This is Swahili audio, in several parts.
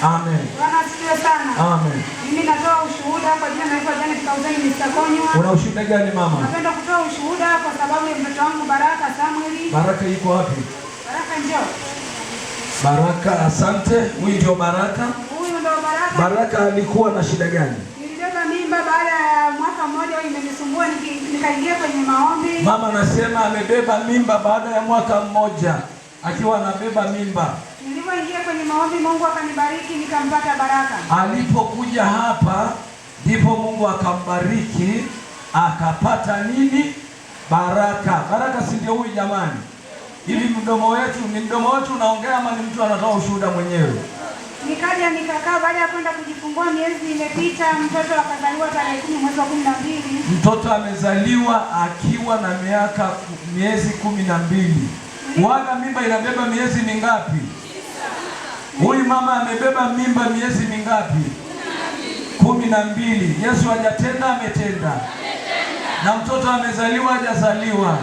Amen. Bwana asifiwe sana. Amen. Mimi natoa ushuhuda kwa jina la Janet Kauzeni Misakonywa. Una ushuhuda gani mama? Napenda kutoa ushuhuda kwa sababu ya mtoto wangu Baraka Samuel. Baraka yuko wapi? Baraka njoo. Baraka, asante. Huyu ndio Baraka. Huyu ndio Baraka. Baraka alikuwa na shida gani? Nilibeba mimba baada ya mwaka mmoja, imenisumbua nikaingia kwenye maombi. Mama anasema amebeba mimba baada ya mwaka mmoja akiwa anabeba mimba. Nilipoingia kwenye maombi, Mungu akanibariki nikampata baraka. Alipokuja hapa, ndipo Mungu akambariki akapata nini? Baraka. Baraka, si ndio huyu jamani? Hivi mdomo wetu ni mdomo wetu unaongea ama ni mtu anatoa ushuhuda mwenyewe? Nikaja nikakaa, baada ya kwenda kujifungua, miezi imepita, mtoto akazaliwa tarehe kumi mwezi wa kumi na mbili. Mtoto amezaliwa akiwa na miaka miezi kumi na mbili. Mwana mimba inabeba miezi mingapi? Huyu mama amebeba mimba miezi mingapi? Kumi na mbili. Yesu hajatenda, ametenda. Na mtoto amezaliwa, hajazaliwa?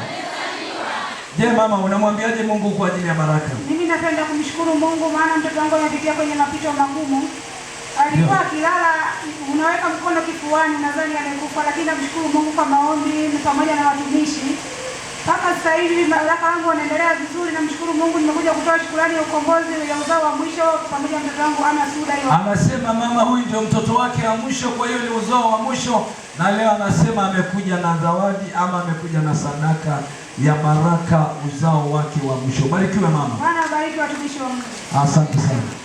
Je, mama unamwambiaje Mungu kwa ajili ya baraka? Mimi napenda kumshukuru Mungu maana mtoto wangu anapitia kwenye mapito magumu. Alikuwa akilala unaweka mkono kifuani, nadhani amekufa, lakini namshukuru Mungu kwa maombi pamoja na watumishi mpaka sasa hivi madaraka yangu wanaendelea vizuri, namshukuru Mungu. Nimekuja kutoa shukrani ya ukombozi ya uzao wa mwisho pamoja na mtoto wangu Ana Suda. Anasema mama huyu ndio mtoto wake wa mwisho, kwa hiyo ni uzao wa mwisho, na leo anasema amekuja na zawadi ama amekuja na sadaka ya baraka, uzao wake wa mwisho. Barikiwe mama. Bwana abariki watumishi wa Mungu. Asante sana.